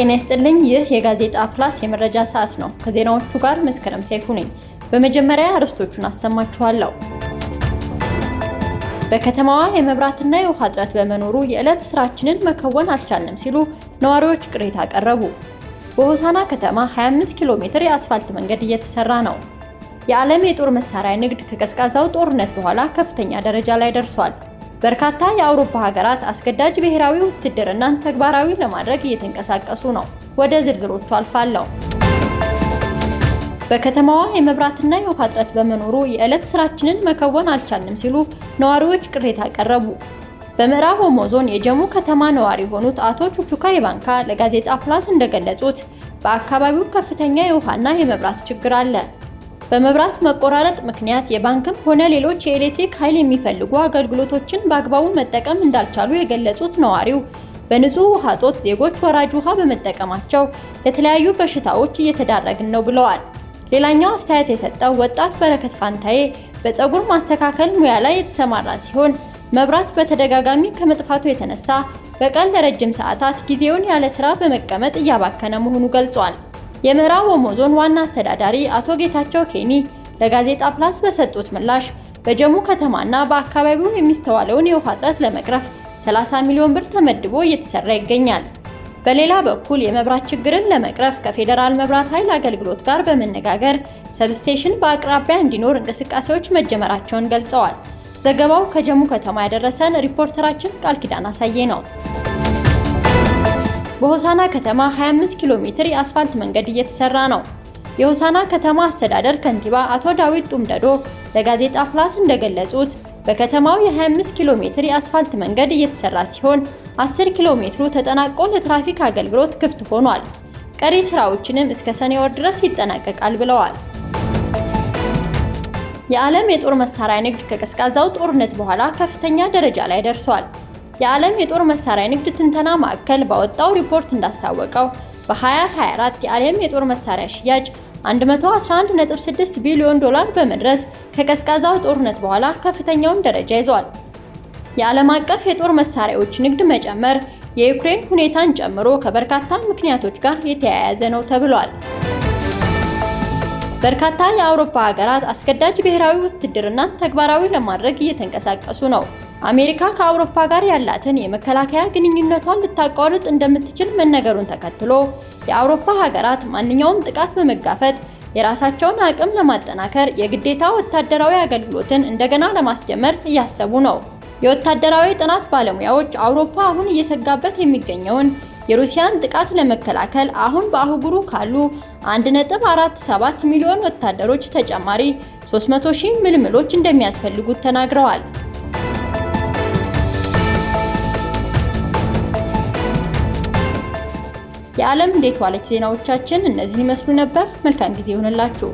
ጤና ይስጥልኝ። ይህ የጋዜጣ ፕላስ የመረጃ ሰዓት ነው። ከዜናዎቹ ጋር መስከረም ሰይፉ ነኝ። በመጀመሪያ አርዕስቶቹን አሰማችኋለሁ። በከተማዋ የመብራትና የውሃ እጥረት በመኖሩ የዕለት ስራችንን መከወን አልቻልንም ሲሉ ነዋሪዎች ቅሬታ አቀረቡ። በሆሳና ከተማ 25 ኪሎ ሜትር የአስፋልት መንገድ እየተሰራ ነው። የዓለም የጦር መሳሪያ ንግድ ከቀዝቃዛው ጦርነት በኋላ ከፍተኛ ደረጃ ላይ ደርሷል። በርካታ የአውሮፓ ሀገራት አስገዳጅ ብሔራዊ ውትድርናን ተግባራዊ ለማድረግ እየተንቀሳቀሱ ነው። ወደ ዝርዝሮቹ አልፋለሁ። በከተማዋ የመብራትና የውሃ እጥረት በመኖሩ የዕለት ስራችንን መከወን አልቻልንም ሲሉ ነዋሪዎች ቅሬታ አቀረቡ። በምዕራብ ኦሞ ዞን የጀሙ ከተማ ነዋሪ የሆኑት አቶ ቹቹካ የባንካ ለጋዜጣ ፕላስ እንደገለጹት በአካባቢው ከፍተኛ የውሃና የመብራት ችግር አለ። በመብራት መቆራረጥ ምክንያት የባንክም ሆነ ሌሎች የኤሌክትሪክ ኃይል የሚፈልጉ አገልግሎቶችን በአግባቡ መጠቀም እንዳልቻሉ የገለጹት ነዋሪው በንጹህ ውሃ እጦት ዜጎች ወራጅ ውሃ በመጠቀማቸው ለተለያዩ በሽታዎች እየተዳረግን ነው ብለዋል። ሌላኛው አስተያየት የሰጠው ወጣት በረከት ፋንታዬ በፀጉር ማስተካከል ሙያ ላይ የተሰማራ ሲሆን መብራት በተደጋጋሚ ከመጥፋቱ የተነሳ በቀን ለረጅም ሰዓታት ጊዜውን ያለ ስራ በመቀመጥ እያባከነ መሆኑ ገልጿል። የምዕራብ ኦሞ ዞን ዋና አስተዳዳሪ አቶ ጌታቸው ኬኒ ለጋዜጣ ፕላስ በሰጡት ምላሽ በጀሙ ከተማና በአካባቢው የሚስተዋለውን የውሃ እጥረት ለመቅረፍ 30 ሚሊዮን ብር ተመድቦ እየተሰራ ይገኛል። በሌላ በኩል የመብራት ችግርን ለመቅረፍ ከፌዴራል መብራት ኃይል አገልግሎት ጋር በመነጋገር ሰብስቴሽን በአቅራቢያ እንዲኖር እንቅስቃሴዎች መጀመራቸውን ገልጸዋል። ዘገባው ከጀሙ ከተማ ያደረሰን ሪፖርተራችን ቃል ኪዳን አሳየ ነው። በሆሳና ከተማ 25 ኪሎ ሜትር የአስፋልት መንገድ እየተሰራ ነው። የሆሳና ከተማ አስተዳደር ከንቲባ አቶ ዳዊት ጡምደዶ ለጋዜጣ ፕላስ እንደገለጹት በከተማው የ25 ኪሎ ሜትር የአስፋልት መንገድ እየተሰራ ሲሆን 10 ኪሎ ሜትሩ ተጠናቆ ለትራፊክ አገልግሎት ክፍት ሆኗል። ቀሪ ስራዎችንም እስከ ሰኔ ወር ድረስ ይጠናቀቃል ብለዋል። የዓለም የጦር መሳሪያ ንግድ ከቀዝቃዛው ጦርነት በኋላ ከፍተኛ ደረጃ ላይ ደርሷል። የዓለም የጦር መሳሪያ ንግድ ትንተና ማዕከል ባወጣው ሪፖርት እንዳስታወቀው በ2024 የዓለም የጦር መሳሪያ ሽያጭ 111.6 ቢሊዮን ዶላር በመድረስ ከቀዝቃዛው ጦርነት በኋላ ከፍተኛውን ደረጃ ይዟል። የዓለም አቀፍ የጦር መሳሪያዎች ንግድ መጨመር የዩክሬን ሁኔታን ጨምሮ ከበርካታ ምክንያቶች ጋር የተያያዘ ነው ተብሏል። በርካታ የአውሮፓ ሀገራት አስገዳጅ ብሔራዊ ውትድርና ተግባራዊ ለማድረግ እየተንቀሳቀሱ ነው። አሜሪካ ከአውሮፓ ጋር ያላትን የመከላከያ ግንኙነቷን ልታቋርጥ እንደምትችል መነገሩን ተከትሎ የአውሮፓ ሀገራት ማንኛውም ጥቃት በመጋፈጥ የራሳቸውን አቅም ለማጠናከር የግዴታ ወታደራዊ አገልግሎትን እንደገና ለማስጀመር እያሰቡ ነው። የወታደራዊ ጥናት ባለሙያዎች አውሮፓ አሁን እየሰጋበት የሚገኘውን የሩሲያን ጥቃት ለመከላከል አሁን በአህጉሩ ካሉ 1.47 ሚሊዮን ወታደሮች ተጨማሪ 300 ሺህ ምልምሎች እንደሚያስፈልጉት ተናግረዋል። ዓለም እንዴት ዋለች ዜናዎቻችን እነዚህ ይመስሉ ነበር። መልካም ጊዜ ይሆንላችሁ።